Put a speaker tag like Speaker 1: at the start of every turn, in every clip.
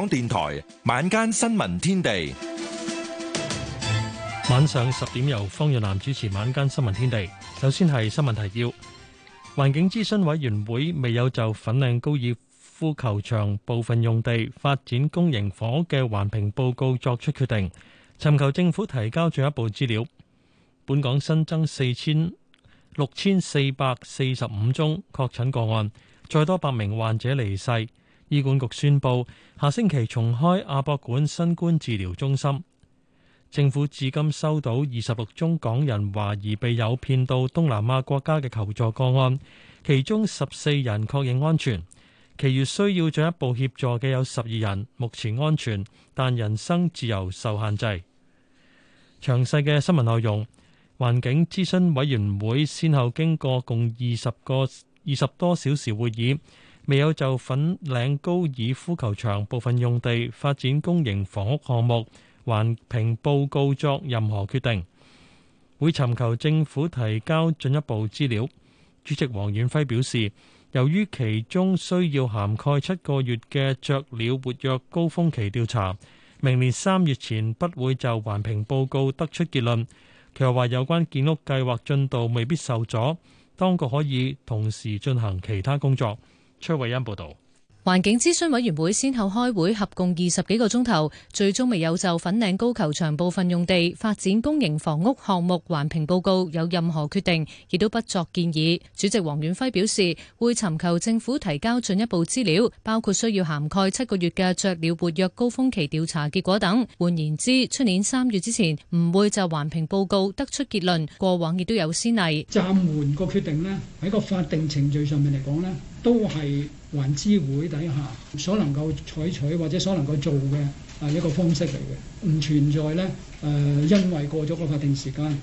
Speaker 1: 港電台晚間新聞天地，晚上十點由方若男主持晚間新聞天地。首先係新聞提要：環境諮詢委員會未有就粉嶺高爾夫球場部分用地發展公營房屋嘅環評報告作出決定，尋求政府提交進一步資料。本港新增四千六千四百四十五宗確診個案，再多百名患者離世。醫管局宣布下星期重開亞博館新冠治療中心。政府至今收到二十六宗港人懷疑被誘騙到東南亞國家嘅求助個案，其中十四人確認安全，其餘需要進一步協助嘅有十二人，目前安全但人身自由受限制。詳細嘅新聞內容，環境諮詢委員會先後經過共二十個二十多小時會議。未有就粉嶺高爾夫球場部分用地發展公營房屋項目，環評報告作任何決定，會尋求政府提交進一步資料。主席王遠輝表示，由於其中需要涵蓋七個月嘅雀鳥活躍高峰期調查，明年三月前不會就環評報告得出結論。佢又話，有關建屋計劃進度未必受阻，當局可以同時進行其他工作。崔偉恩報道。
Speaker 2: 環境諮詢委員會先後開會，合共二十幾個鐘頭，最終未有就粉嶺高球場部分用地發展公營房屋項目環評報告有任何決定，亦都不作建議。主席黃遠輝表示，會尋求政府提交進一步資料，包括需要涵蓋七個月嘅雀鳥活躍高峰期調查結果等。換言之，出年三月之前唔會就環評報告得出結論。過往亦都有先例，暫
Speaker 3: 緩個決定咧，喺個法定程序上面嚟講咧，都係。還知會底下所能夠採取或者所能夠做嘅啊一個方式嚟嘅。唔存在咧，誒，呃，因為過咗個法定時間。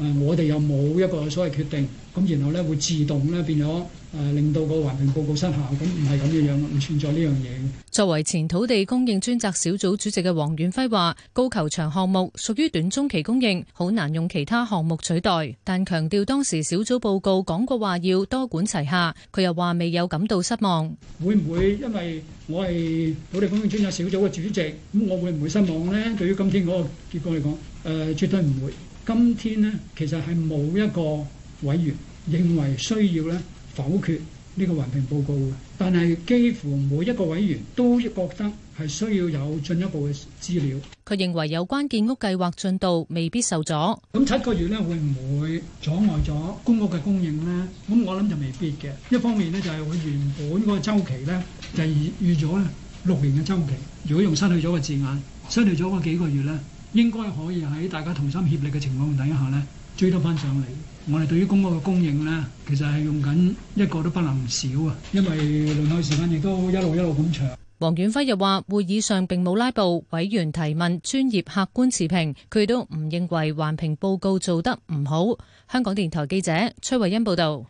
Speaker 3: 誒，我哋又冇一個所謂決定咁，然後咧會自動咧變咗誒，令到個環評報告失效，咁唔係咁嘅樣，唔存在呢樣嘢。
Speaker 2: 作為前土地供應專責小組主席嘅黃遠輝話：高球場項目屬於短中期供應，好難用其他項目取代，但強調當時小組報告講過話要多管齊下。佢又話未有
Speaker 3: 感到失望，會唔會因為我係土地供應專責小組嘅主席咁，我會唔會失望呢？對於今天嗰個結果嚟講，誒、呃，絕對唔會。今天咧，其實，係冇一個委員認為需要咧否決呢個環評報告嘅，但係幾乎每一個委員都覺得係需要有進一步嘅資料。
Speaker 2: 佢認為有關建屋計劃進度未必受阻。咁七
Speaker 3: 個月咧會唔會阻礙咗公屋嘅供應咧？咁我諗就未必嘅。一方面咧就係佢原本個周期咧就係預咗咧六年嘅周期。如果用失去咗個字眼，失去咗嗰幾個月咧。應該可以喺大家同心協力嘅情況底下咧，追得翻上嚟。我哋對於公屋嘅供應呢，其實係用緊一個都不能少啊，因為輪候時間亦都一路一路咁長。
Speaker 2: 黃遠輝又話：會議上並冇拉布，委員提問，專業客觀持平，佢都唔認為環評報告做得唔好。香港電台記者崔慧欣報道，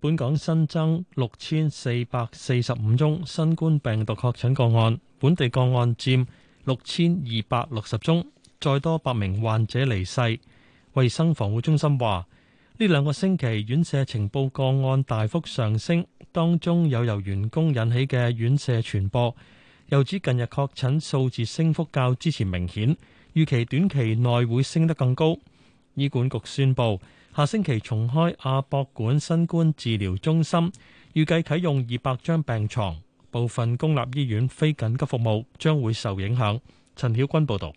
Speaker 1: 本港新增六千四百四十五宗新冠病毒確診個案，本地個案佔六千二百六十宗。再多百名患者離世，衛生防護中心話，呢兩個星期院舍情報個案大幅上升，當中有由員工引起嘅院舍傳播。又指近日確診數字升幅較之前明顯，預期短期內會升得更高。醫管局宣布下星期重開亞博館新冠治療中心，預計啟用二百張病床，部分公立醫院非緊急服務將會受影響。陳曉君報道。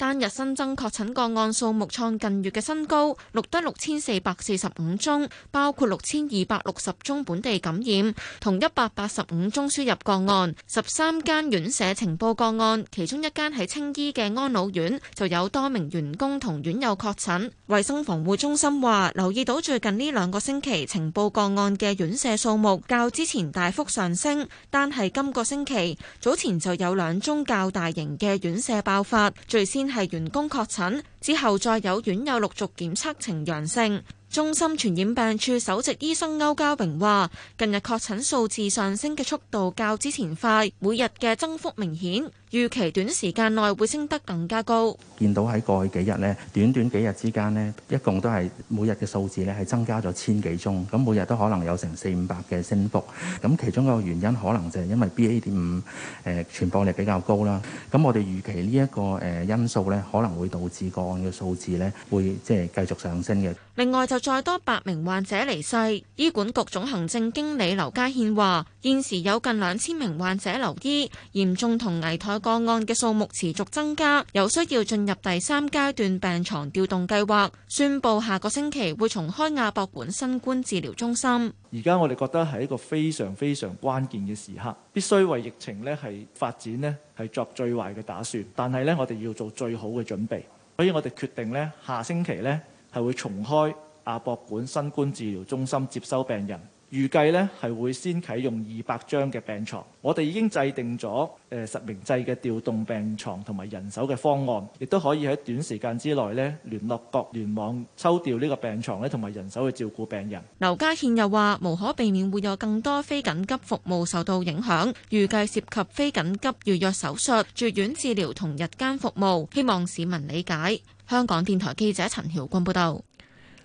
Speaker 4: 單日新增確診個案數目創近月嘅新高，錄得六千四百四十五宗，包括六千二百六十宗本地感染，同一百八十五宗輸入個案。十三間院舍呈報個案，其中一間喺青衣嘅安老院就有多名員工同院友確診。衛生防護中心話，留意到最近呢兩個星期呈報個案嘅院舍數目較之前大幅上升，但係今個星期早前就有兩宗較大型嘅院舍爆發，最先。係員工確診之後，再有院友陸續檢測呈陽性。中心傳染病處首席醫生歐家榮話，近日確診數字上升嘅速度較之前快，每日嘅增幅明顯。預期短時間內會升得更加高，
Speaker 5: 見到喺過去幾日呢，短短幾日之間呢，一共都
Speaker 1: 係每日嘅數字呢係增加咗千幾宗，咁每日都可能有成四五百嘅升幅，咁其中一個原因可能就係因為 BA.5 誒傳播力比較高啦，咁我哋預期呢一個誒因素呢可能會導致個案嘅數字呢會即係繼續上
Speaker 6: 升嘅。
Speaker 4: 另外就再多八百名患者離世，醫管局總行政經理劉家獻話：現時有近兩千名患者留醫，嚴重同危殆。個案嘅數目持續增加，有需要進入第三階段病床調動計劃。宣布下個星期會重開亞博館新冠治療中心。
Speaker 5: 而家我哋覺得係一個非常非常關鍵嘅時刻，必須為疫情咧係發展咧係作最壞嘅打算。但係咧，我哋要做最好嘅準備，所以我哋決定咧，下星期咧係會重開亞博館新冠治療中心接收病人。預計咧係會先啟用二百張嘅病床。我哋已經制定咗誒實名制嘅調動病床同埋人手嘅方案，亦都可以喺短時間之內咧聯絡各聯網抽調呢個病床咧同埋人手去照顧病人。
Speaker 4: 劉家憲又話：無可避免會有更多非緊急服務受到影響，預計涉及非緊急預約手術、住院治療同日間服務，希望市民理解。香港電台記者陳曉君報道。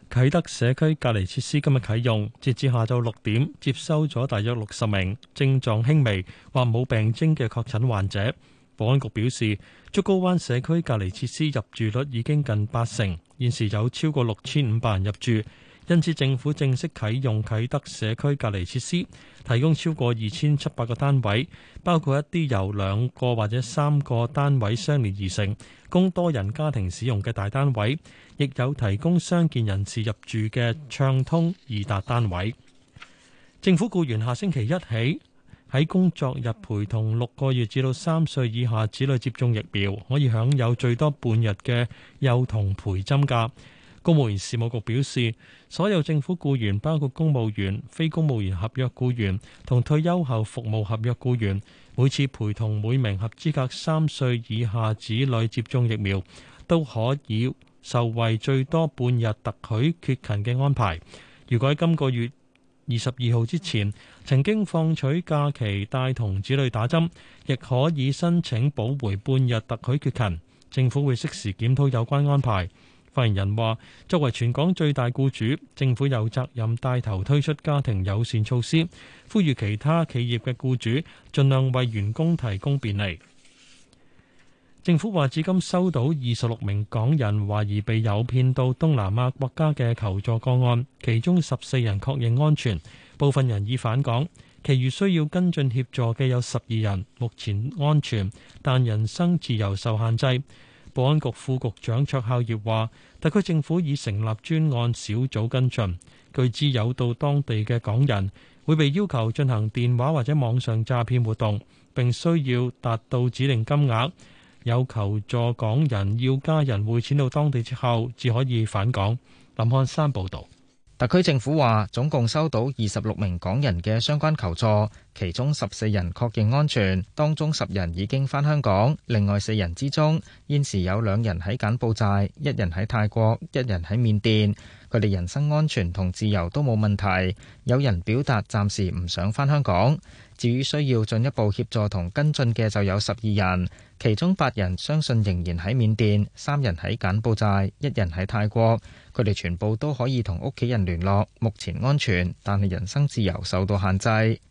Speaker 1: 啟德社區隔離設施今日啟用，截至下晝六點，接收咗大約六十名症狀輕微或冇病徵嘅確診患者。保安局表示，竹篙灣社區隔離設施入住率已經近八成，現時有超過六千五百人入住。因此，政府正式啟用啟德社區隔離設施，提供超過二千七百個單位，包括一啲由兩個或者三個單位相連而成，供多人家庭使用嘅大單位，亦有提供傷健人士入住嘅暢通易達單位。政府雇員下星期一起喺工作日陪同六個月至到三歲以下子女接種疫苗，可以享有最多半日嘅幼童陪針假。公務員事務局表示，所有政府雇員，包括公務員、非公務員合約雇員同退休後服務合約雇員，每次陪同每名合資格三歲以下子女接種疫苗，都可以受惠最多半日特許缺勤嘅安排。如果喺今個月二十二號之前曾經放取假期帶同子女打針，亦可以申請補回半日特許缺勤，政府會適時檢討有關安排。發言人話：作為全港最大僱主，政府有責任帶頭推出家庭友善措施，呼籲其他企業嘅僱主盡量為員工提供便利。政府話，至今收到二十六名港人懷疑被誘騙到東南亞國家嘅求助個案，其中十四人確認安全，部分人已返港，其餘需要跟進協助嘅有十二人，目前安全，但人身自由受限制。保安局副局長卓孝業話，特區政府已成立專案小組跟進，據知有到當地嘅港人會被要求進行電話或者網上詐騙活動，並需要達到指定金額，有求助港人要家人匯錢到當地之後，至可以返港。林
Speaker 6: 漢山報道。特區政府話，總共收到二十六名港人嘅相關求助，其中十四人確認安全，當中十人已經返香港，另外四人之中，現時有兩人喺柬埔寨，一人喺泰國，一人喺緬甸，佢哋人身安全同自由都冇問題，有人表達暫時唔想返香港。至於需要進一步協助同跟進嘅就有十二人，其中八人相信仍然喺緬甸，三人喺柬埔寨，一人喺泰國。佢哋全部都可以同屋企人聯絡，目前安全，但係人身自由受到限制。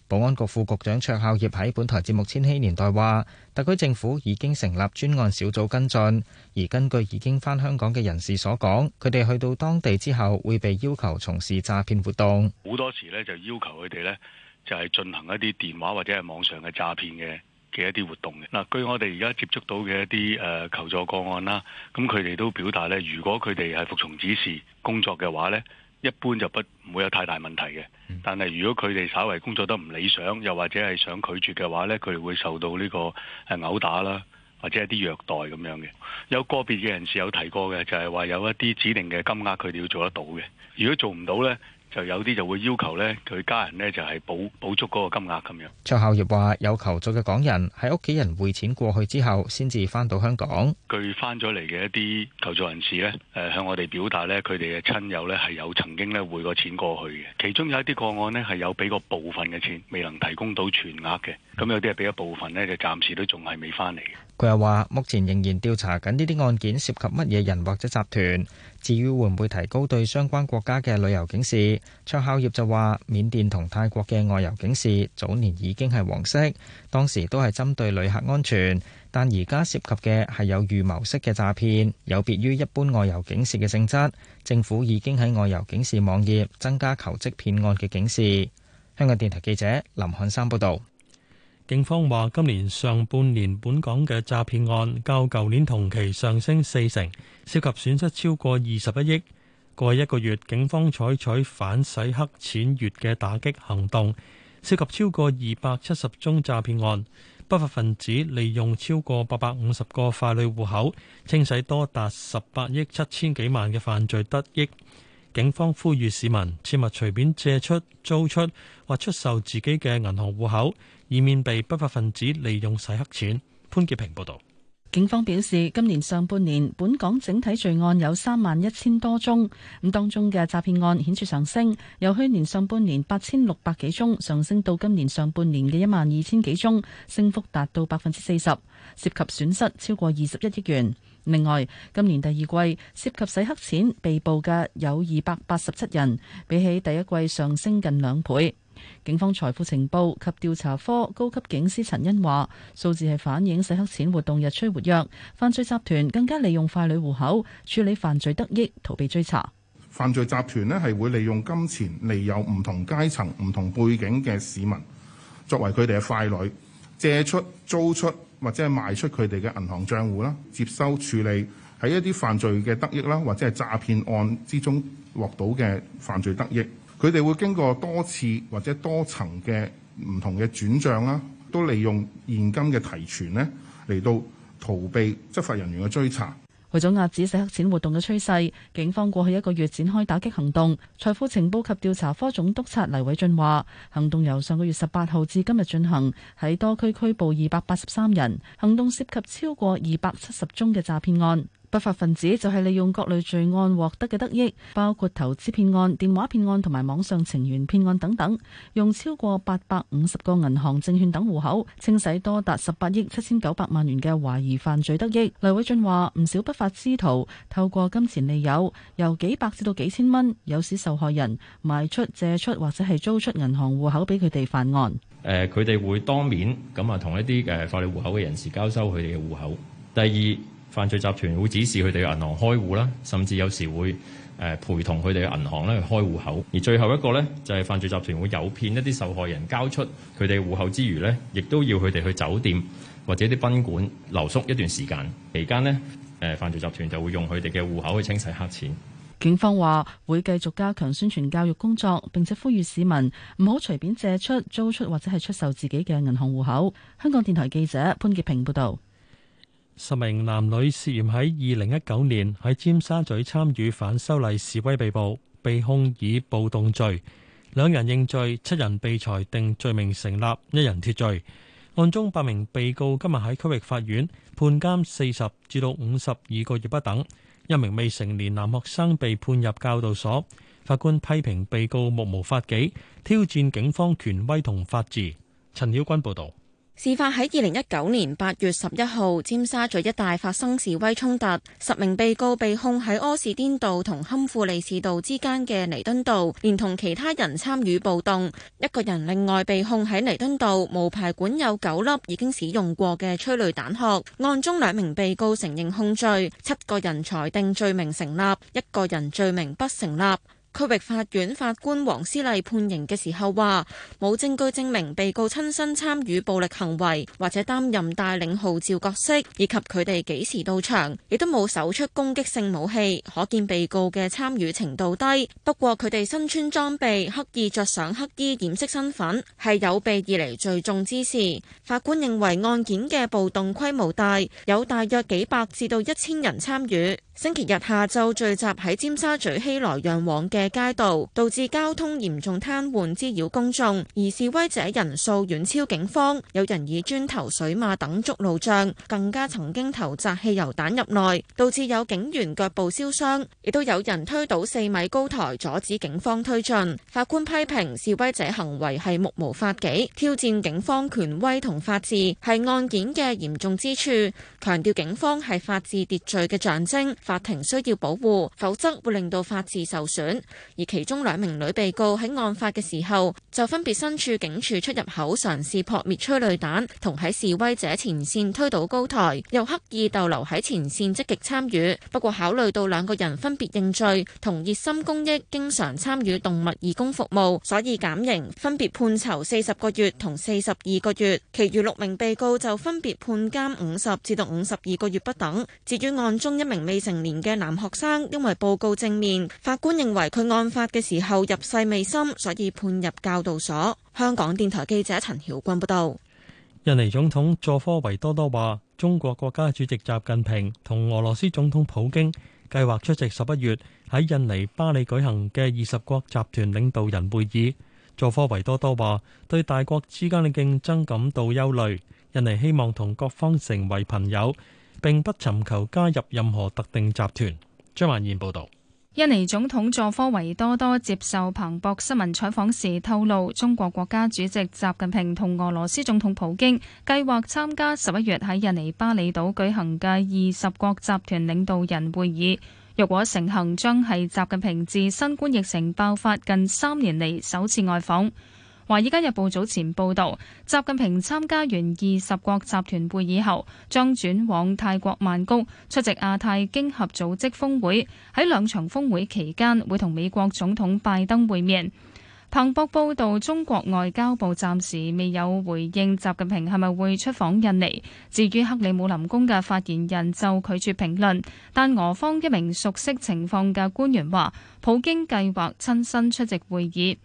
Speaker 6: 保安局副局長卓孝業喺本台節目《千禧年代》話，特區政府已經成立專案小組跟進。而根據已經返香港嘅人士所講，佢哋去到當地之後會被要求從事詐騙活動。
Speaker 7: 好多時呢，就要求佢哋呢。就係進行一啲電話或者係網上嘅詐騙嘅嘅一啲活動嘅。嗱，據我哋而家接觸到嘅一啲誒、呃、求助個案啦，咁佢哋都表達咧，如果佢哋係服從指示工作嘅話咧，一般就不唔會有太大問題嘅。但係如果佢哋稍為工作得唔理想，又或者係想拒絕嘅話咧，佢哋會受到呢個係毆打啦，或者一啲虐待咁樣嘅。有個別嘅人士有提過嘅，就係、是、話有一啲指定嘅金額佢哋要做得到嘅，如果做唔到咧。就有啲就會要求咧，佢家人咧就係、是、補補足嗰個金額咁樣。
Speaker 6: 卓孝業話：有求助嘅港人喺屋企人匯錢過去之後，先至翻到香港。
Speaker 7: 據翻咗嚟嘅一啲求助人士咧，誒向我哋表達咧，佢哋嘅親友咧係有曾經咧匯過錢過去嘅，其中有一啲個案呢，係有俾過部分嘅錢，未能提供到全額嘅，咁有啲係俾一部分咧，就暫時都仲係未翻嚟。
Speaker 6: 佢又話：目前仍然調查緊呢啲案件涉及乜嘢人或者集團。至於會唔會提高對相關國家嘅旅遊警示？卓孝業就話：緬甸同泰國嘅外遊警示早年已經係黃色，當時都係針對旅客安全，但而家涉及嘅係有預謀式嘅詐騙，有別於一般外遊警示嘅性質。政府已經喺外遊警示網頁增加求職騙案嘅警示。香港電台記者林漢山報道。警方話，今年上半年本港嘅詐騙案
Speaker 1: 較舊年同期上升四成，涉及損失超過二十一億。過去一個月，警方採取反洗黑錢月嘅打擊行動，涉及超過二百七十宗詐騙案，不法分子利用超過八百五十個法類戶口清洗多達十八億七千幾萬嘅犯罪得益。警方呼籲市民切勿隨便借出、租出或出售自己嘅銀行戶口，以免被不法分子利用洗黑錢。潘潔平報道，
Speaker 8: 警方表示，今年上半年本港整體罪案有三萬一千多宗，咁當中嘅詐騙案顯著上升，由去年上半年八千六百幾宗上升到今年上半年嘅一萬二千幾宗，升幅達到百分之四十，涉及損失超過二十一億元。另外，今年第二季涉及洗黑錢被捕嘅有二百八十七人，比起第一季上升近兩倍。警方財富情報及調查科高級警司陳恩話：數字係反映洗黑錢活動日趨活躍，犯罪集團更加利用傀儡戶口處理犯罪得益，逃避追查。
Speaker 6: 犯罪集團咧係會利用金錢，利誘唔同階層、唔同背景嘅市民作為佢哋嘅傀儡，借出、租出或者係賣出佢哋嘅銀行賬戶啦，接收處理喺一啲犯罪嘅得益啦，或者係詐騙案之中獲到嘅犯罪得益。佢哋會經過多次或者多層嘅唔同嘅轉帳啦、啊，都利用現金嘅提存呢嚟到逃避執法人員嘅追查。
Speaker 8: 為咗遏止洗黑錢活動嘅趨勢，警方過去一個月展開打擊行動。財富情報及調查科總督察黎偉俊話，行動由上個月十八號至今日進行，喺多區拘捕二百八十三人，行動涉及超過二百七十宗嘅詐騙案。不法分子就係利用各類罪案獲得嘅得益，包括投資騙案、電話騙案同埋網上情緣騙案等等，用超過八百五十個銀行、證券等戶口清洗多達十八億七千九百萬元嘅懷疑犯罪得益。黎偉俊話：唔少不法之徒透過金錢利誘，由幾百至到幾千蚊誘使受害人賣出、借出或者係租出銀行戶口俾佢哋犯案。
Speaker 1: 佢哋會當面咁啊，同一啲嘅法律戶口嘅人士交收佢哋嘅戶口。第二。犯罪集團會指示佢哋嘅銀行開戶啦，甚至有時會誒陪同佢哋嘅銀行咧去開戶口。而最後一個呢，就係犯罪集團會誘騙一啲受害人交出佢哋戶口之餘呢，亦都要佢哋去酒店或者啲賓館留宿一段時間。期間呢，誒犯罪集團就會用佢哋嘅戶口去清洗黑錢。
Speaker 8: 警方話會繼續加強宣傳教育工作，並且呼籲市民唔好隨便借出、租出或者係出售自己嘅銀行戶口。香港電台記者潘潔平報導。
Speaker 1: 十名男女涉嫌喺二零一九年喺尖沙咀參與反修例示威被捕，被控以暴動罪，兩人認罪，七人被裁定罪名成立，一人脫罪。案中八名被告今日喺區域法院判監四十至到五十二個月不等，一名未成年男學生被判入教導所。法官批評被告目無法紀，挑戰警方權威同法治。陳曉君報導。
Speaker 4: 事發喺二零一九年八月十一號，尖沙咀一帶發生示威衝突，十名被告被控喺柯士甸道同堪富利士道之間嘅彌敦道連同其他人參與暴動，一個人另外被控喺彌敦道無牌管有九粒已經使用過嘅催淚彈殼。案中兩名被告承認控罪，七個人裁定罪名成立，一個人罪名不成立。區域法院法官黃思麗判刑嘅時候話：冇證據證明被告親身參與暴力行為，或者擔任帶領號召角色，以及佢哋幾時到場，亦都冇搜出攻擊性武器。可見被告嘅參與程度低。不過佢哋身穿裝備，刻意着上黑衣掩飾身份，係有備而嚟聚眾之事。法官認為案件嘅暴動規模大，有大約幾百至到一千人參與。星期日下晝聚集喺尖沙咀熙來攘往嘅嘅街道導致交通嚴重癱瘓，滋擾公眾。而示威者人數遠超警方，有人以磚頭、水馬等築路障，更加曾經投擲汽油彈入內，導致有警員腳部燒傷。亦都有人推倒四米高台，阻止警方推進。法官批評示威者行為係目無法紀，挑戰警方權威同法治，係案件嘅嚴重之處。強調警方係法治秩序嘅象徵，法庭需要保護，否則會令到法治受損。而其中兩名女被告喺案發嘅時候就分別身處警署出入口，嘗試撲滅催淚彈，同喺示威者前線推倒高台，又刻意逗留喺前線積極參與。不過考慮到兩個人分別認罪同熱心公益，經常參與動物義工服務，所以減刑，分別判囚四十個月同四十二個月。其餘六名被告就分別判監五十至到五十二個月不等。至於案中一名未成年嘅男學生，因為報告正面，法官認為佢，案發嘅時候入世未深，所以判入教導所。香港電台記者陳曉君報道。
Speaker 1: 印尼總統佐科維多多話，中國國家主席習近平同俄羅斯總統普京計劃出席十一月喺印尼巴里舉行嘅二十國集團領導人會議。佐科維多多話，對大國之間嘅競爭感到憂慮。印尼希望同各方成為朋友，並不尋求加入任何特定集團。張曼燕報道。
Speaker 9: 印尼總統佐科維多多接受彭博新聞採訪時透露，中國國家主席習近平同俄羅斯總統普京計劃參加十一月喺印尼巴厘島舉行嘅二十國集團領導人會議，若果成行，將係習近平自新冠疫情爆發近三年嚟首次外訪。《華爾街日報》早前報道，習近平參加完二十國集團會議後，將轉往泰國曼谷出席亞太經合組織峰會。喺兩場峰會期間，會同美國總統拜登會面。彭博報道，中國外交部暫時未有回應習近平係咪會出訪印尼。至於克里姆林宮嘅發言人就拒絕評論，但俄方一名熟悉情況嘅官員話，普京計劃親身出席會議。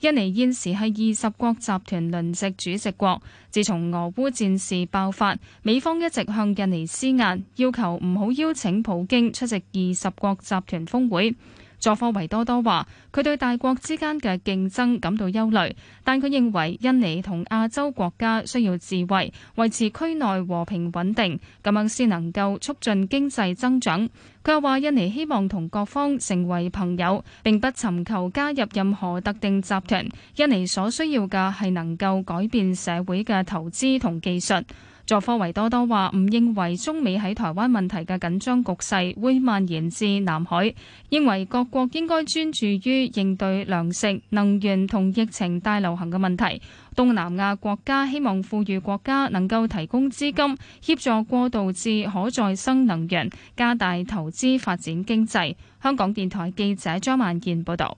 Speaker 9: 印尼現時係二十國集團輪值主席國。自從俄烏戰事爆發，美方一直向印尼施壓，要求唔好邀請普京出席二十國集團峰會。佐科維多多話：佢對大國之間嘅競爭感到憂慮，但佢認為印尼同亞洲國家需要智慧，維持區內和平穩定，咁樣先能夠促進經濟增長。佢又話：印尼希望同各方成為朋友，並不尋求加入任何特定集團。印尼所需要嘅係能夠改變社會嘅投資同技術。作科維多多話唔認為中美喺台灣問題嘅緊張局勢會蔓延至南海，認為各國應該專注於應對糧食、能源同疫情大流行嘅問題，東南亞國家希望富裕國家能夠提供資金協助過渡至可再生能源，加大投資發展經濟，香港電台記者張萬健報道。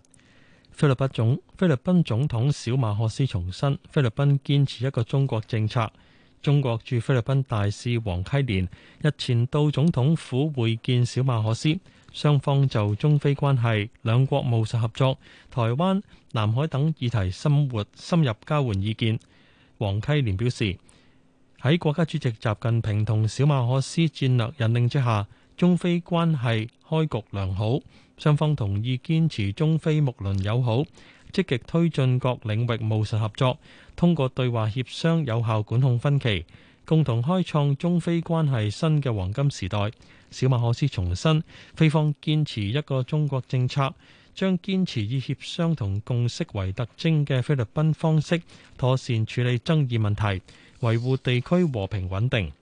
Speaker 1: 菲律賓總菲律賓總統小馬赫斯重申，菲律賓堅持一個中國政策。中國駐菲律賓大使黃溪連日前到總統府會見小馬可斯，雙方就中菲關係、兩國務實合作、台灣、南海等議題深活深入交換意見。黃溪連表示，喺國家主席習近平同小馬可斯戰略引領之下，中菲關係開局良好，雙方同意堅持中菲睦鄰友好。積極推進各領域務實合作，通過對話協商有效管控分歧，共同開創中菲關係新嘅黃金時代。小馬可斯重申，菲方堅持一個中國政策，將堅持以協商同共識為特徵嘅菲律賓方式，妥善處理爭議問題，維護地區和平穩定。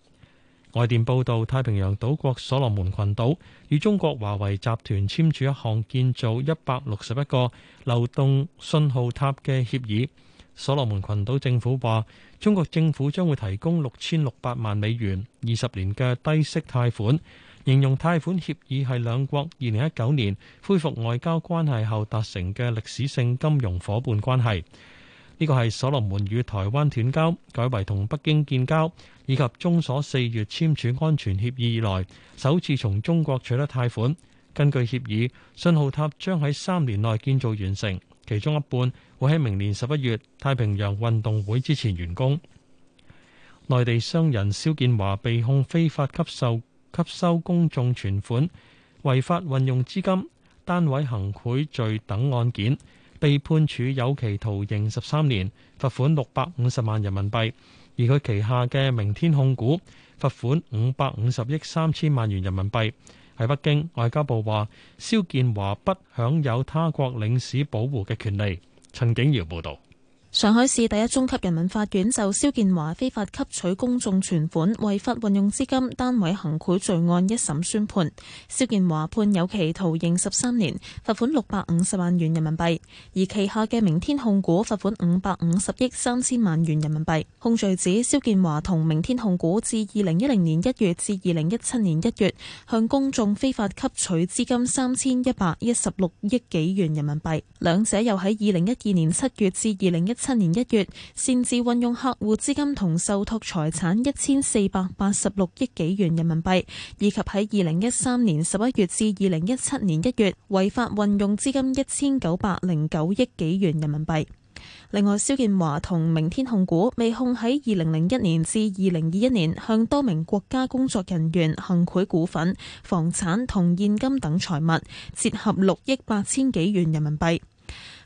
Speaker 1: 外電報道，太平洋島國所羅門群島與中國華為集團簽署一項建造一百六十一個流動信號塔嘅協議。所羅門群島政府話，中國政府將會提供六千六百萬美元，二十年嘅低息貸款，形容貸款協議係兩國二零一九年恢復外交關係後達成嘅歷史性金融夥伴關係。呢個係所羅門與台灣斷交，改為同北京建交，以及中所四月簽署安全協議以來，首次從中國取得貸款。根據協議，信號塔將喺三年內建造完成，其中一半會喺明年十一月太平洋運動會之前完工。內地商人肖建華被控非法吸收吸收公眾存款、違法運用資金、單位行賄罪等案件，被判處有期徒刑十三年，罰款六百五十萬人民幣。而佢旗下嘅明天控股，罰款五百五十億三千萬元人民幣。喺北京，外交部話，肖建華不享有他國領事保護嘅權利。陳景堯報道。
Speaker 10: 上海市第一中級人民法院就肖建華非法吸取公眾存款、違法運用資金、單位行賄罪案一審宣判，肖建華判有期徒刑十三年，罰款六百五十萬元人民幣，而旗下嘅明天控股罰款五百五十億三千萬元人民幣。控罪指肖建華同明天控股自二零一零年一月至二零一七年一月向公眾非法吸取資金三千一百一十六億幾元人民幣，兩者又喺二零一二年七月至二零一七七年一月，擅自運用客戶資金同受託財產一千四百八十六億幾元人民幣，以及喺二零一三年十一月至二零一七年一月違法運用資金一千九百零九億幾元人民幣。另外，肖建華同明天控股未控喺二零零一年至二零二一年向多名國家工作人員行賄股份、房產同現金等財物，折合六億八千幾元人民幣。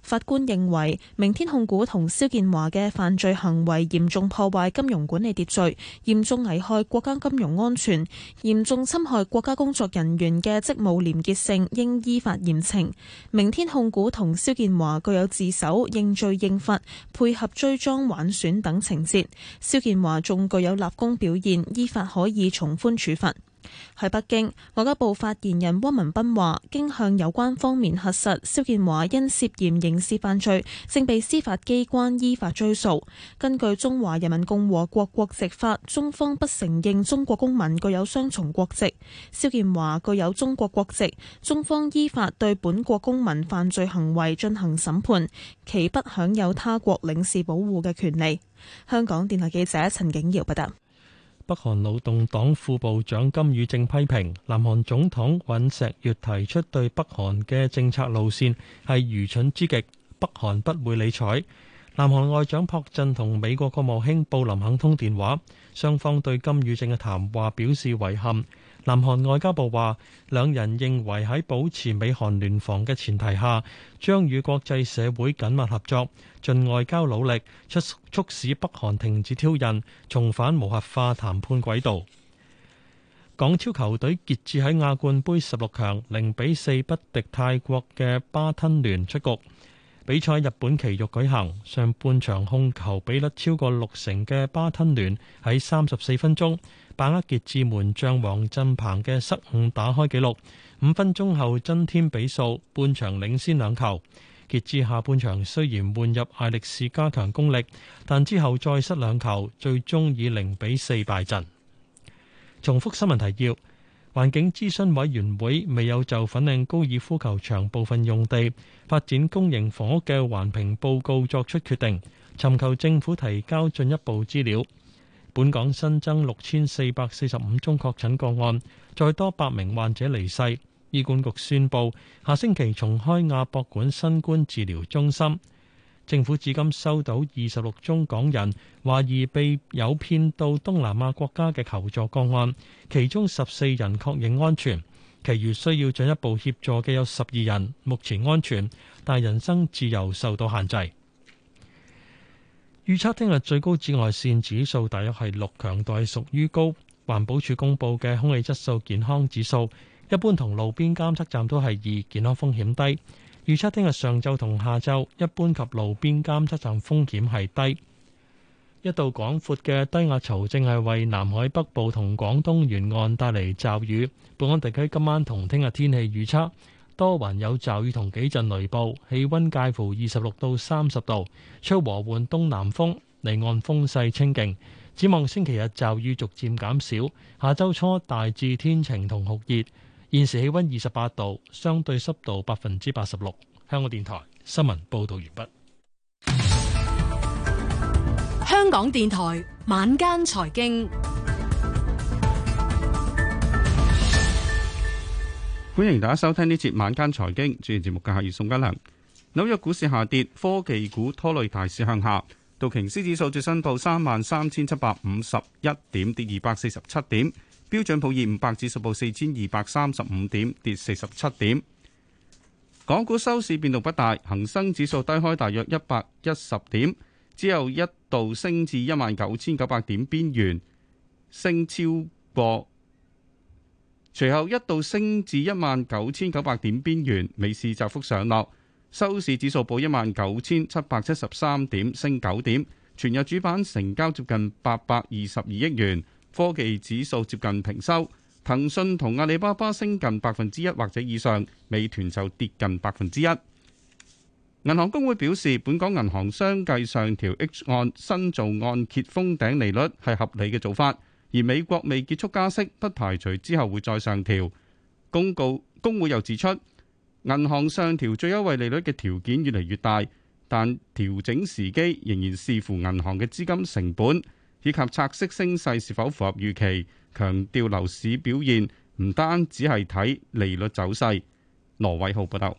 Speaker 10: 法官認為，明天控股同肖建華嘅犯罪行為嚴重破壞金融管理秩序，嚴重危害國家金融安全，嚴重侵害國家工作人員嘅職務廉潔性，應依法嚴懲。明天控股同肖建華具有自首、認罪認罰、配合追贓挽損等情節，肖建華仲具有立功表現，依法可以從寬處罰。喺北京，外交部發言人汪文斌話：經向有關方面核實，肖建華因涉嫌刑事犯罪，正被司法機關依法追訴。根據《中華人民共和國國籍法》，中方不承認中國公民具有雙重國籍。肖建華具有中國國籍，中方依法對本國公民犯罪行為進行審判，其不享有他國領事保護嘅權利。香港電台記者陳景瑤報道。
Speaker 1: 北韓勞動黨副部長金宇正批評南韓總統尹錫悅提出對北韓嘅政策路線係愚蠢之極，北韓不會理睬。南韓外長朴振同美國國務卿布林肯通電話，雙方對金宇正嘅談話表示遺憾。南韓外交部話，兩人認為喺保持美韓聯防嘅前提下，將與國際社會緊密合作，盡外交努力，促促使北韓停止挑釁，重返無核化談判軌道。港超球隊傑志喺亞冠杯十六強，零比四不敵泰國嘅巴吞聯出局。比賽日本期欲舉行，上半場控球比率超過六成嘅巴吞聯喺三十四分鐘，把握傑志門將王振鵬嘅失誤打開紀錄，五分鐘後增添比數，半場領先兩球。傑志下半場雖然換入艾力士加強攻力，但之後再失兩球，最終以零比四敗陣。重複新聞提要，環境諮詢委員會未有就粉嶺高爾夫球場部分用地，發展公營房屋嘅環評報告作出決定，尋求政府提交進一步資料。本港新增六千四百四十五宗確診個案，再多百名患者離世。醫管局宣布，下星期重開亞博館新冠治療中心。政府至今收到二十六宗港人懷疑被誘騙到東南亞國家嘅求助個案，其中十四人確認安全，其餘需要進一步協助嘅有十二人，目前安全，但人身自由受到限制。預測聽日最高紫外線指數大約係六，強度屬於高。環保署公布嘅空氣質素健康指數，一般同路邊監測站都係二，健康風險低。預測聽日上晝同下晝，一般及路邊監測站風險係低。一度廣闊嘅低壓槽正係為南海北部同廣東沿岸帶嚟驟雨。本港地區今晚同聽日天氣預測。多雲有驟雨同幾陣雷暴，氣溫介乎二十六到三十度，吹和緩東南風，離岸風勢清勁。展望星期日驟雨逐漸減少，下周初大致天晴同酷熱。現時氣溫二十八度，相對濕度百分之八十六。香港電台新聞報道完畢。
Speaker 8: 香港電台晚間財經。
Speaker 11: 歡迎大家收聽呢節晚間財經，主持節目嘅係宋家良。紐約股市下跌，科技股拖累大市向下。道瓊斯指數最新報三萬三千七百五十一點，跌二百四十七點。標準普爾五百指數報四千二百三十五點，跌四十七點。港股收市變動不大，恒生指數低開大約一百一十點，之後一度升至一萬九千九百點邊緣，升超過。隨後一度升至一萬九千九百點邊緣，美市窄幅上落，收市指數報一萬九千七百七十三點，升九點。全日主板成交接近八百二十二億元，科技指數接近平收。騰訊同阿里巴巴升近百分之一或者以上，美團就跌近百分之一。銀行公會表示，本港銀行相繼上調 H 按新造按揭封頂利率係合理嘅做法。而美國未結束加息，不排除之後會再上調。公告公會又指出，銀行上調最優惠利率嘅條件越嚟越大，但調整時機仍然視乎銀行嘅資金成本以及拆息升勢是否符合預期。強調樓市表現唔單只係睇利率走勢。羅偉浩報道，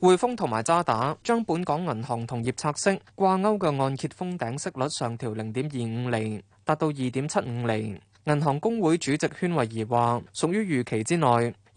Speaker 11: 匯豐同埋
Speaker 5: 渣打將本港銀行同業拆息掛鈎嘅按揭封頂息率上調零點二五釐。達到二點七五厘，銀行公會主席禤惠儀話：屬於預期之內，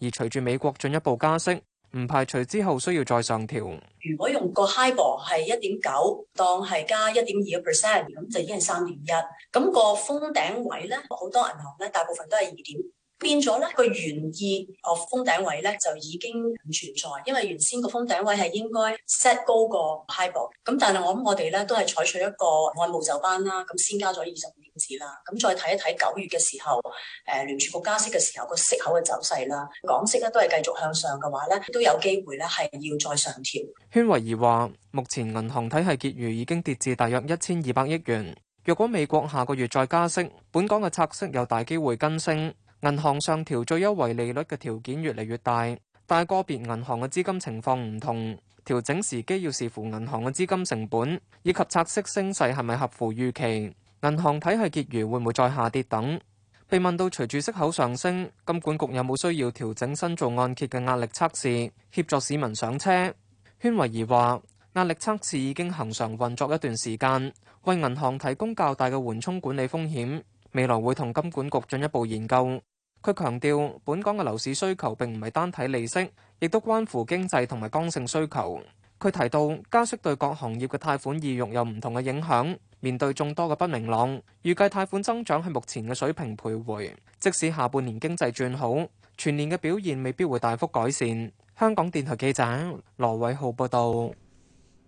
Speaker 5: 而隨住美國進一步加息，唔排除之後需要再上調。
Speaker 8: 如果
Speaker 12: 用個 high ball 係一點九，當係加一點二 percent 咁，就已經係三點一。咁、那個封頂位咧，好多銀行咧，大部分都係二點變咗咧，佢原意哦封頂位咧，就已經唔存在，因為原先個封頂位係應該 set 高個 high ball 咁，但係我諗我哋咧都係採取一個按部就班啦，咁先加咗二十。啦，咁再睇一睇九月嘅時候，誒聯儲局加息嘅時候個息口嘅走勢啦。港息咧都係繼續向上嘅話咧，都有機會咧係要再上調。
Speaker 5: 圈維儀話：目前銀行體系結餘已經跌至大約一千二百億元。若果美國下個月再加息，本港嘅拆息有大機會跟升。銀行上調最優惠利率嘅條件越嚟越大，但係個別銀行嘅資金情況唔同，調整時機要視乎銀行嘅資金成本以及拆息升勢係咪合乎預期。銀行體系結餘會唔會再下跌等，等被問到隨住息口上升，金管局有冇需要調整新造按揭嘅壓力測試，協助市民上車？宣慧怡話：壓力測試已經恒常運作一段時間，為銀行提供較大嘅緩衝管理風險。未來會同金管局進一步研究。佢強調，本港嘅樓市需求並唔係單睇利息，亦都關乎經濟同埋剛性需求。佢提到加息對各行業嘅貸款意欲有唔同嘅影響。面對眾多嘅不明朗，預計貸款增長喺目前嘅水平徘徊。即使下半年經濟轉好，全年嘅表現未必會大幅改善。香港電台記者羅偉浩報道，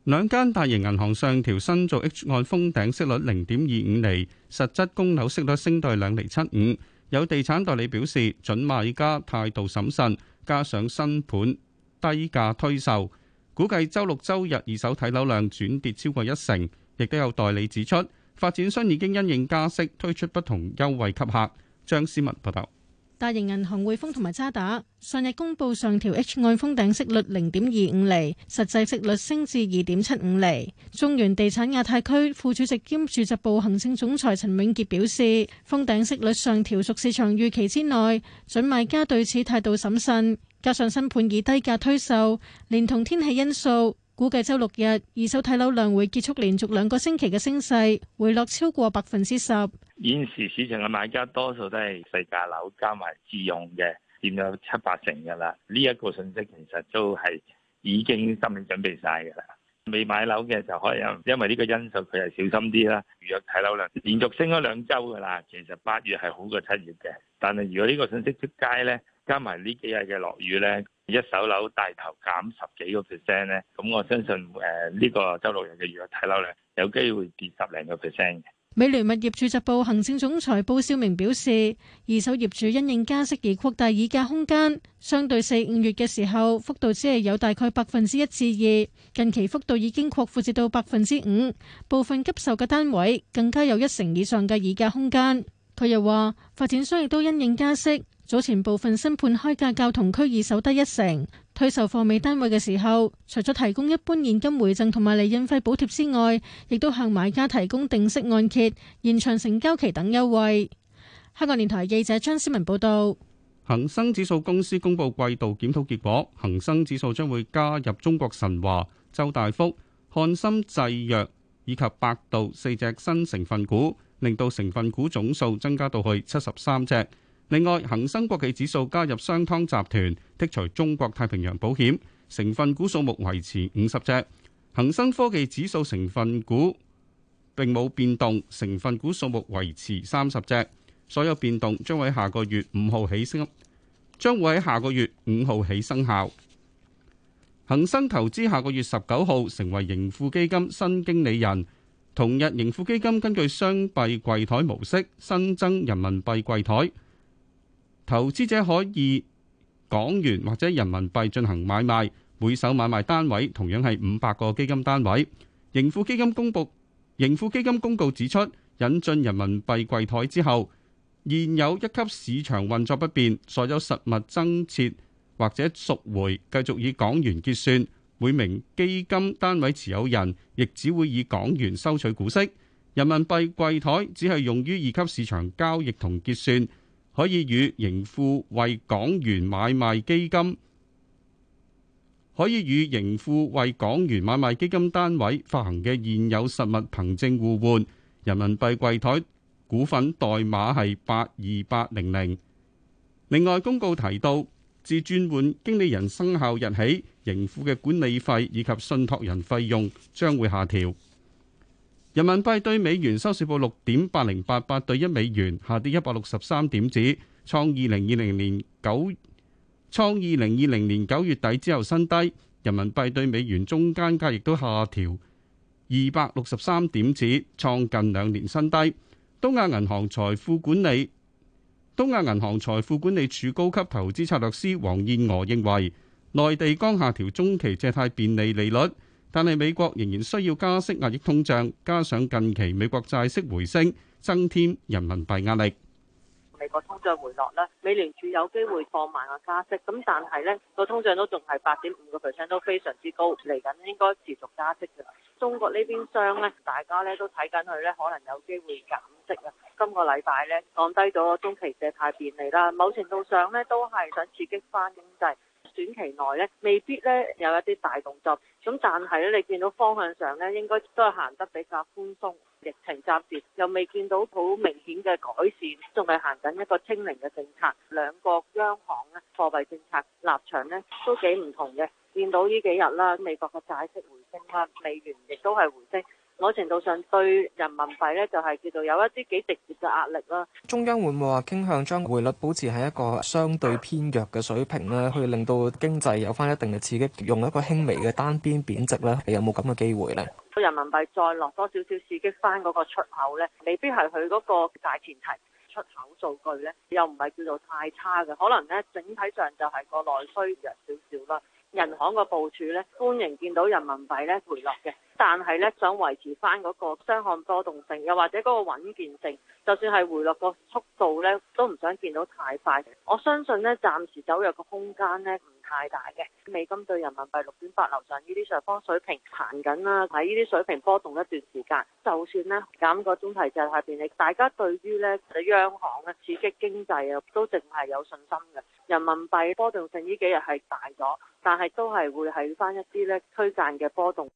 Speaker 11: 兩間大型銀行上調新造 H 按封頂息率零點二五厘，實質供樓息率升到兩厘七五。有地產代理表示，準買家態度審慎，加上新盤低價推售，估計周六周日二手睇樓量轉跌超過一成。亦都有代理指出，發展商已經因應加息推出不同優惠給客。張思文報導，
Speaker 13: 大型銀行匯豐同埋渣打，上日公布上調 H 按封頂息率零點二五釐，實際息率升至二點七五釐。中原地產亞太區副主席兼住宅部行政總裁陳永傑表示，封頂息率上調屬市場預期之內，準買家對此態度審慎，加上新盤以低價推售，連同天氣因素。估計周六日二手睇樓量會結束連續兩個星期嘅升勢，回落超過百分之十。
Speaker 1: 現時市場嘅買家多數都係細價樓加埋自用嘅，佔咗七八成噶啦。呢一個信息其實都係已經心理準備晒噶啦。未買樓嘅就可以因為呢個因素佢係小心啲啦，預約睇樓量連續升咗兩周噶啦，其實八月係好過七月嘅，但係如果呢個信息出街咧，加埋呢幾日嘅落雨咧。一手樓大頭減十幾個 percent 咧，咁我相信誒呢個週六日嘅預約睇樓量，有機會跌十零個 percent 嘅。
Speaker 8: 美聯
Speaker 13: 物業住宅部行政總裁布少明表示，二手業主因應加息而擴大議價空間，相對四五月嘅時候幅度只係有大概百分之一至二，近期幅度已經擴闊至到百分之五，部分急售嘅單位更加有一成以上嘅議價空間。佢又話，發展商亦都因應加息。早前部分新盤開價較同區二手得一成，推售貨尾單位嘅時候，除咗提供一般現金回贈同埋利潤費補貼之外，亦都向買家提供定息按揭、延長成交期等優惠。香港電台記者張思文報道。
Speaker 11: 恒生指數公司公布季度檢討結果，恒生指數將會加入中國神華、周大福、翰森製藥以及百度四隻新成分股，令到成分股總數增加到去七十三隻。另外，恒生國企指數加入商湯集團，剔除中國太平洋保險，成分股數目維持五十隻。恒生科技指數成分股並冇變動，成分股數目維持三十隻。所有變動將喺下個月五號起生，將會喺下個月五號起生效。恒生投資下個月十九號成為盈富基金新經理人，同日盈富基金根據雙幣櫃台模式新增人民幣櫃台。投資者可以港元或者人民幣進行買賣，每手買賣單位同樣係五百個基金單位。盈富基金公佈，盈富基金公告指出，引進人民幣櫃台之後，現有一級市場運作不變，所有實物增設或者贖回繼續以港元結算，每名基金單位持有人亦只會以港元收取股息。人民幣櫃台只係用於二級市場交易同結算。可以與盈富為港元買賣基金，可以與盈富為港元買賣基金單位發行嘅現有實物憑證互換。人民幣櫃台股份代碼係八二八零零。另外，公告提到，自轉換經理人生效日起，盈富嘅管理費以及信託人費用將會下調。人民幣對美元收市報六點八零八八對一美元，下跌一百六十三點子，創二零二零年九創二零二零年九月底之後新低。人民幣對美元中間價亦都下調二百六十三點子，創近兩年新低。東亞銀行財富管理東亞銀行財富管理處高級投資策略師黃燕娥認為，內地剛下調中期借貸便利利率。但係美國仍然需要加息壓抑通脹，加上近期美國債息回升，增添人民幣壓力。
Speaker 12: 美國通脹回落咧，美聯儲有機會放慢個加息，咁但係咧個通脹都仲係八點五個 percent 都非常之高，嚟緊應該持續加息㗎啦。中國呢邊商咧，大家咧都睇緊佢咧，可能有機會減息啊。今個禮拜咧降低咗中期借貸便利啦，某程度上咧都係想刺激返經濟。短期內咧，未必咧有一啲大動作。咁但係咧，你見到方向上咧，應該都係行得比較寬鬆。疫情暫時又未見到好明顯嘅改善，仲係行緊一個清零嘅政策。兩個央行咧貨幣政策立場咧都幾唔同嘅。見到呢幾日啦，美國嘅債息回升啦，美元亦都係回升。某程度上對人民幣咧，就係叫做有一啲幾直接嘅壓力啦。
Speaker 5: 中央會唔會話傾向將匯率保持喺一個相對偏弱嘅水平咧，去令到經濟有翻一定嘅刺激，用一個輕微嘅單邊貶值咧？你有冇咁嘅機會咧？
Speaker 12: 人民幣再落多少少刺激翻嗰個出口咧，未必係佢嗰個大前提出口數據咧，又唔係叫做太差嘅，可能咧整體上就係個內需弱少少啦。人行個部署咧，歡迎見到人民幣咧回落嘅，但係咧想維持返嗰個雙向波動性，又或者嗰個穩健性，就算係回落個速度咧，都唔想見到太快。我相信咧，暫時走弱個空間咧。太大嘅美金兌人民幣六點八樓上，呢啲上方水平彈緊啦，喺呢啲水平波動一段時間，就算咧減個中提價下邊，你大家對於咧央行咧刺激經濟啊，都淨係有信心嘅。人民幣波動性呢幾日係大咗，但係都係會喺翻一啲咧區間嘅波
Speaker 13: 動。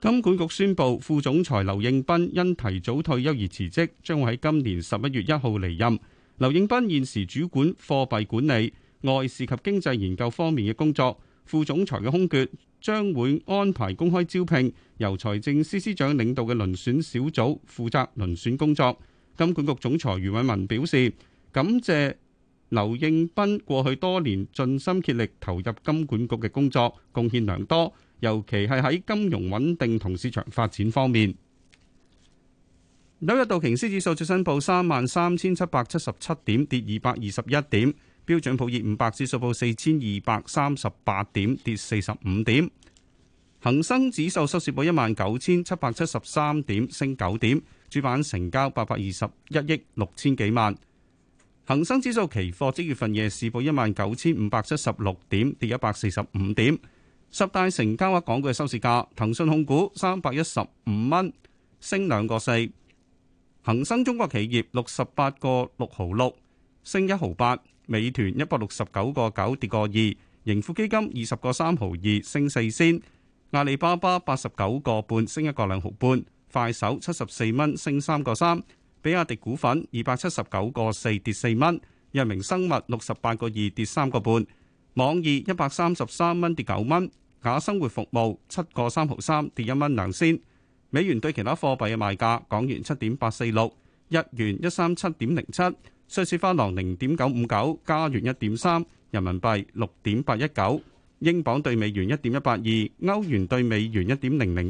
Speaker 11: 金管局宣布，副總裁劉應斌因提早退休而辭職，將會喺今年十一月一號離任。劉應斌現時主管貨幣管理。外事及經濟研究方面嘅工作，副總裁嘅空缺將會安排公開招聘，由財政司司長領導嘅遴選小組負責遴選工作。金管局總裁余偉文表示感謝劉應斌過去多年盡心竭力投入金管局嘅工作，貢獻良多，尤其係喺金融穩定同市場發展方面。紐約道瓊斯指數最新報三萬三千七百七十七點，跌二百二十一點。標準普爾五百指數報四千二百三十八點，跌四十五點。恒生指數收市報一萬九千七百七十三點，升九點。主板成交八百二十一億六千幾萬。恒生指數期貨即月份夜市報一萬九千五百七十六點，跌一百四十五點。十大成交額港股嘅收市價，騰訊控股三百一十五蚊，升兩個四。恒生中國企業六十八個六毫六，升一毫八。美團一百六十九個九跌個二，盈富基金二十個三毫二升四仙，阿里巴巴八十九個半升一個兩毫半，快手七十四蚊升三個三，比亞迪股份二百七十九個四跌四蚊，藥明生物六十八個二跌三個半，網易一百三十三蚊跌九蚊，雅生活服務七個三毫三跌一蚊兩仙。美元對其他貨幣嘅賣價，港元七點八四六，日元一三七點零七。瑞士法郎零點九五九，加元一點三，人民幣六點八一九，英鎊對美元一點一八二，歐元對美元一點零零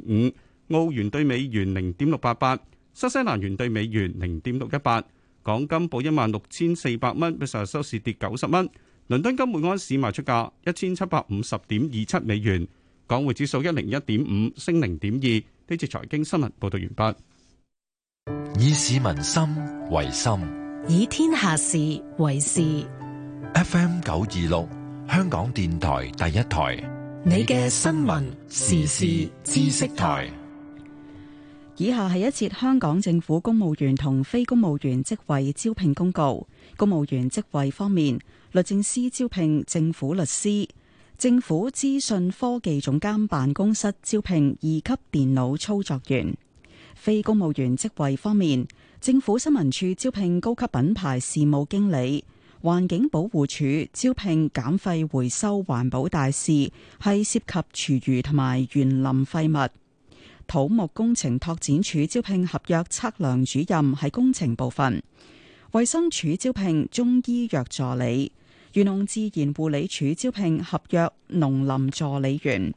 Speaker 11: 五，澳元對美元零點六八八，新西蘭元對美元零點六一八。港金報一萬六千四百蚊，比上日收市跌九十蚊。倫敦金每安士賣出價一千七百五十點二七美元。港匯指數一零一點五，升零點二。呢次財經新聞報道完畢。以市民心為心。
Speaker 2: 以天下事為事。FM 九二六，香港電台第一台，
Speaker 14: 你嘅新聞時事
Speaker 1: 知識台。
Speaker 14: 以下係一節香港政府公務員同非公務員職位招聘公告。公務員職位方面，律政司招聘政府律師，政府資訊科技總監辦公室招聘二級電腦操作員。非公務員職位方面。政府新聞處招聘高級品牌事務經理，環境保護署招聘減廢回收環保大使，係涉及廚餘同埋園林廢物。土木工程拓展署招聘合約測量主任，係工程部分。衛生署招聘中醫藥助理，漁農自然護理署招聘合約農林助理員。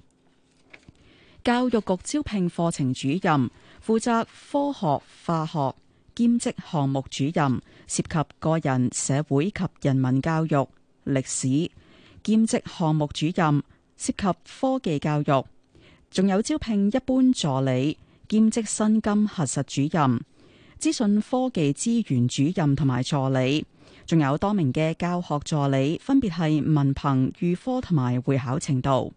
Speaker 14: 教育局招聘課程主任，負責科學化學。兼職項目主任涉及個人、社會及人民教育歷史。兼職項目主任涉及科技教育，仲有招聘一般助理。兼職薪金核實主任、資訊科技資源主任同埋助理，仲有多名嘅教學助理，分別係文憑、預科同埋會考程度。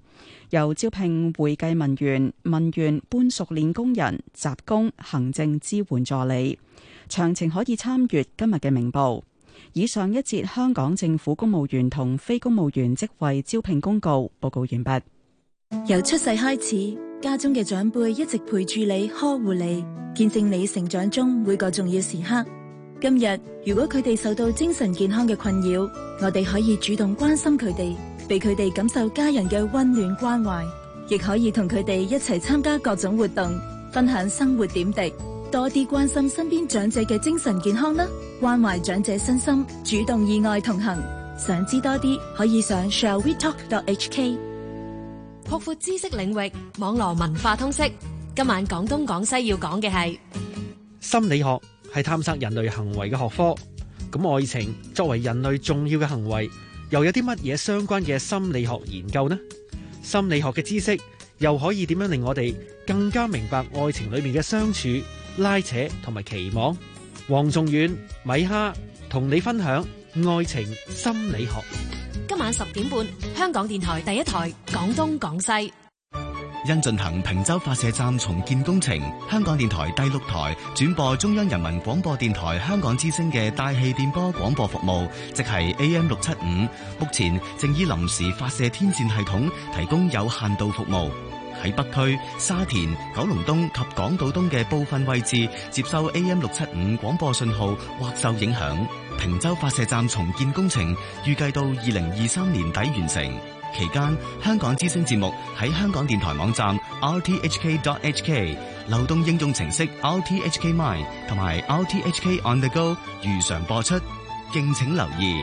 Speaker 14: 又招聘會計文員、文員、半熟練工人、雜工、行政支援助理。詳情可以參閱今日嘅明報。以上一節香港政府公務員同非公務員職位招聘公告。報告完畢。由出世開始，
Speaker 10: 家中嘅長輩一直陪住你、呵護你，見證你成長中每個重要時刻。今日如果佢哋受到精神健康嘅困擾，我哋可以主動關心佢哋，俾佢哋感受家人嘅溫暖關懷，亦可以同佢哋一齊參加各種活動，分享生活點滴。多啲關心身邊長者嘅精神健康啦，關懷長者身心，主動意外同行。想知多
Speaker 2: 啲，可以上 shall we talk. h k。擴闊知識領域，網絡文化通識。今晚講東講西要講嘅係
Speaker 1: 心理學，係探索人類行為嘅學科。咁愛情作為人類重要嘅行為，又有啲乜嘢相關嘅心理學研究呢？心理學嘅知識又可以點樣令我哋更加明白愛情裏面嘅相處？拉扯同埋期望，黃仲遠、米哈同你分享愛情心理學。
Speaker 2: 今晚十點半，香港電台第一台講東講西。
Speaker 11: 因進行坪洲發射站重建工程，香港電台第六台轉播中央人民廣播電台香港之聲嘅大氣電波廣播服務，即係 AM 六七五，目前正以臨時發射天線系統提供有限度服務。喺北區、沙田、九龍東及港島東嘅部分位置接收 AM 六七五廣播信號或受影響。坪洲發射站重建工程預計到二零二三年底完成，期間香港之聲節目喺香港電台網站 rthk.hk、流動應用程式 rthk Mine 同埋 rthk on the go 如常播出，敬請留意。